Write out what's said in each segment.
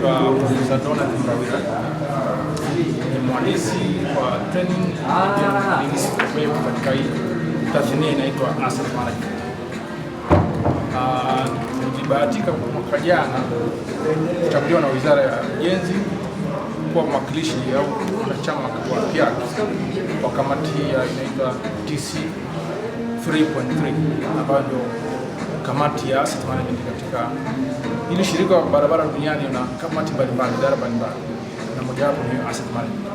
Naitwa Profesa Donald ni mwandishi wa training ah. nilisimamia katika hii tasnia inaitwa asset management. Nilibahatika mwaka jana kuchaguliwa na Wizara ya Ujenzi kuwa mwakilishi au wanachama wa PIAC kwa kamati hii inaitwa TC 3.3 ambayo ndio kamati ya asset management katika ili shirika la barabara duniani na kamati mbalimbali idara mbalimbali na moja wapo ni asset management.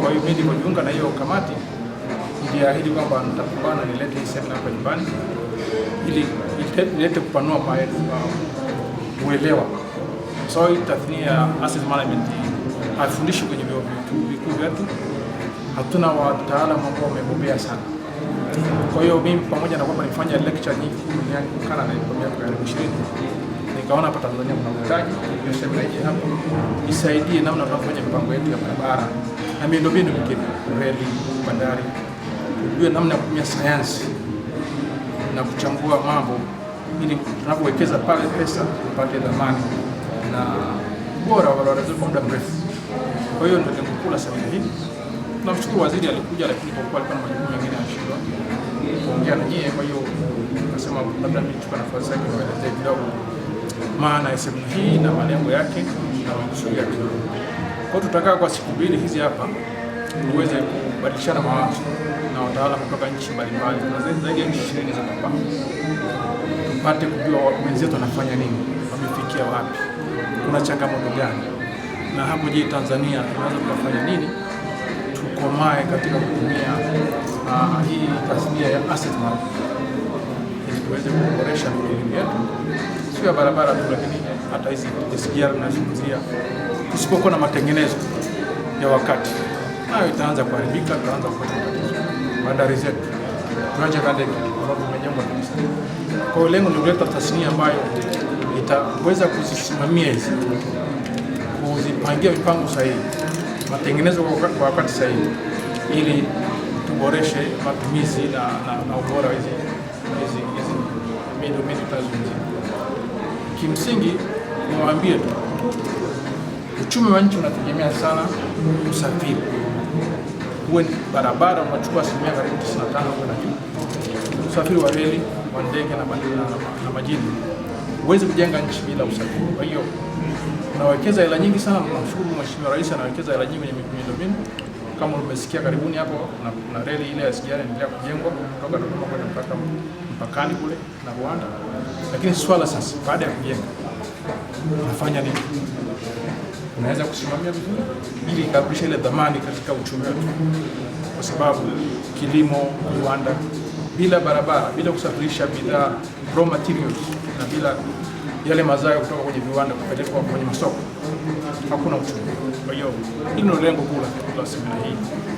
Kwa hiyo mimi nilipojiunga na hiyo kamati niliahidi kwamba nitapambana nilete hii semina hapa nyumbani ili ilete kupanua uh, uelewa, kwa sababu tathnia ya asset management haifundishwi kwenye vyuo vikuu vyetu, hatuna wataalamu ambao wamebobea sana kwa hiyo mimi pamoja na kwamba nilifanya lecture nyingi duniani kukana na ekonomia miaka karibu 20, nikaona hapa Tanzania kuna uhitaji, sema nije hapo isaidie namna tunafanya mipango yetu ya barabara na miundombinu mingine, reli, bandari, tujue namna ya kutumia sayansi na kuchambua mambo ili tunapowekeza pale pesa tupate dhamani na ubora wa barabara kwa muda mrefu. Kwa hiyo ndio lengo kuu la semina hii tunamshukuru waziri alikuja, lakini kwa kuwa alikuwa na majukumu mengine ameshindwa kuongea na nyie, kwa hiyo nasema labda mimi nichukue nafasi yake niwaelezee kidogo maana ya semina hii na malengo yake na makusudi yake. Kwa tutakaa kwa siku mbili hizi hapa tuweze kubadilishana mawazo na wataalamu kutoka nchi mbalimbali, na zaidi ya nchi ishirini za mapamba, tupate kujua wenzetu wanafanya nini, wamefikia wapi, kuna changamoto gani, na hapo je, Tanzania tunaweza tukafanya nini wasikomae katika kutumia uh, hii tasnia ya asset management ili tuweze kuboresha miundombinu yetu, sio ya barabara tu, lakini hata hizi SGR tunazungumzia. Tusipokuwa na matengenezo ya wakati, nayo itaanza kuharibika, tutaanza kupata matatizo. Bandari zetu tuache Kaleke ambapo imejengwa kabisa. Kwa hiyo lengo ni kuleta tasnia ambayo itaweza kuzisimamia hizi, kuzipangia mipango sahihi matengenezo kwa wakati sahihi, ili tuboreshe matumizi na, na, na ubora wa hizi miundombinu tunazozungumzia. Kimsingi niwaambie tu uchumi wa nchi unategemea sana usafiri, huwe ni barabara unachukua asilimia karibu 95 kwenda juu, usafiri wa reli, wa ndege na bandari na majini. Huwezi kujenga nchi bila usafiri, kwa hiyo tunawekeza hela nyingi sana. Tunamshukuru Mheshimiwa Rais anawekeza hela nyingi kwenye miundombinu kama umesikia karibuni hapo na, na reli ile ya SGR inaendelea kujengwa kutoka Dodoma kwenda mpaka mpakani kule na Rwanda. Lakini swala sasa, baada ya kujenga unafanya nini? Unaweza kusimamia vizuri ili ikarudisha ile dhamani katika uchumi wetu, kwa sababu kilimo, viwanda bila barabara, bila kusafirisha bidhaa raw materials na bila yale mazao kutoka kwenye viwanda kupelekwa kwenye masoko, hakuna uchumi. Kwa hiyo hilo lengo kuu la semina hii.